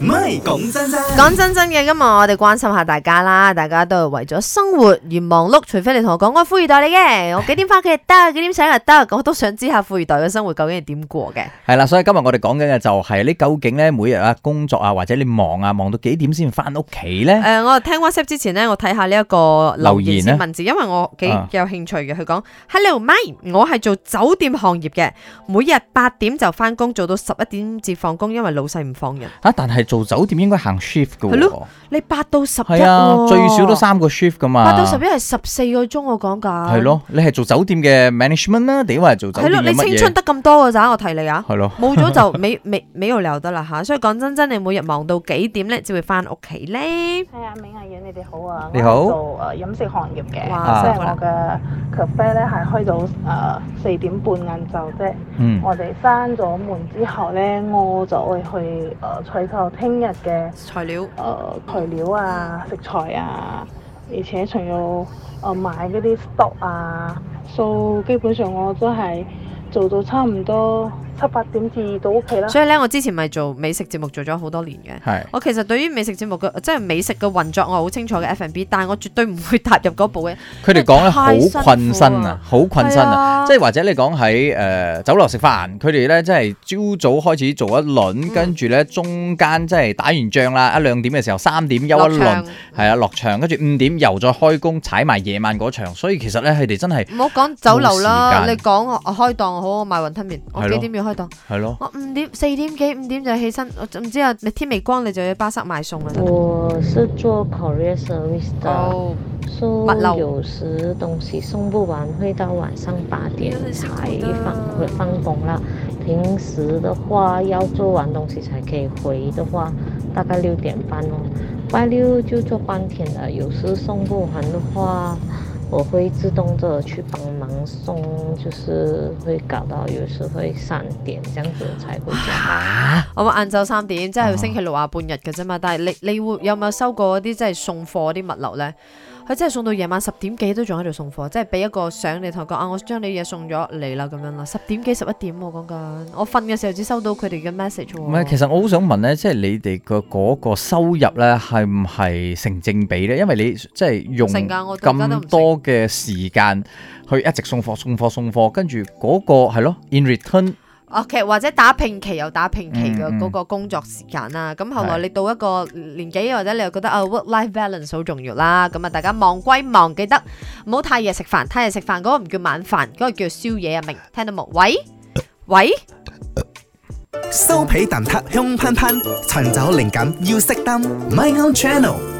咪係講真真，講真真嘅，今日我哋關心下大家啦，大家都係為咗生活而忙碌，除非你同我講我係富二代嚟嘅，我幾點翻屋企得，幾點醒又得，我都想知下富二代嘅生活究竟係點過嘅。係啦，所以今日我哋講緊嘅就係、是、你究竟咧每日啊工作啊或者你忙啊忙到幾點先翻屋企咧？誒、呃，我聽 WhatsApp 之前咧，我睇下呢一個留言文字言呢，因為我幾有興趣嘅，佢、嗯、講 Hello MY，我係做酒店行業嘅，每日八點就翻工，做到十一點至放工，因為老細唔放人啊，但係。做酒店應該行 shift 㗎喎。係咯，你八到十一。係啊，最少都三個 shift 噶嘛。八到十一係十四個鐘，我講㗎。係咯，你係做酒店嘅 management 啦，定話做酒店乜嘢？係咯，你青春得咁多㗎咋？我提你啊。係咯。冇咗就美美美度留得啦嚇。所以講真真，你每日忙到幾點咧，就會翻屋企咧。係啊，美藝姐，你哋好啊。你好。做誒飲食行業嘅。哇，即係我嘅。咖啡咧係開到誒四點半晏晝啫，mm. 我哋閂咗門之後咧，我就會去誒採購聽日嘅材料誒、呃、材料啊，食材啊，而且仲要誒買嗰啲 stock 啊，so 基本上我都係做到差唔多。七八點至到屋企啦。所以咧，我之前咪做美食節目做咗好多年嘅。係。我其實對於美食節目嘅即係美食嘅運作，我好清楚嘅 F&B，但係我絕對唔會踏入嗰步嘅。佢哋講咧好困身啊，好困身啊！即係或者你講喺誒酒樓食飯，佢哋咧即係朝早開始做一輪，跟住咧中間即係打完仗啦，一兩點嘅時候三點休一輪，係啊落場，跟住五點又再開工踩埋夜晚嗰場。所以其實咧佢哋真係唔好講酒樓啦，你講開檔好，我賣雲吞麵，我幾點要開？係咯，我、oh, 五點四點幾五點就起身，我唔知啊，你天未光你就去巴塞賣送啊。我是做 courier service，、oh, so、物流有時東西送不完會到晚上八點才放 會放工啦。平時的話要做完東西才可以回的話，大概六點半咯，拜六就做半天啦。有時送不完的話。我會自動就去幫忙送，就是會搞到有時會三點這樣子才會。我晏晝三點，即係星期六啊半日嘅啫嘛。但係你你會有冇收過啲即係送貨啲物流呢？佢真係送到夜晚十點幾都仲喺度送貨，即係俾一個相你同佢講啊！我將你嘢送咗嚟啦，咁樣啦。十點幾十一點我講緊，我瞓嘅時候只收到佢哋嘅 message。唔係，其實我好想問呢，即係你哋嘅嗰個收入呢？係唔係成正比呢？因為你即係用咁多嘅時間去一直送貨送貨送貨，跟住嗰個係咯，in return，ok，或者打拼期又打拼期嘅嗰個工作時間啦。咁後來你到一個年紀，或者你又覺得啊，work-life balance 好重要啦。咁啊，大家忙歸忙，記得唔好太夜食飯，太夜食飯嗰個唔叫晚飯，嗰個叫宵夜啊！明聽到冇？喂喂，酥皮蛋撻香噴噴，尋找靈感要熄燈，my own channel。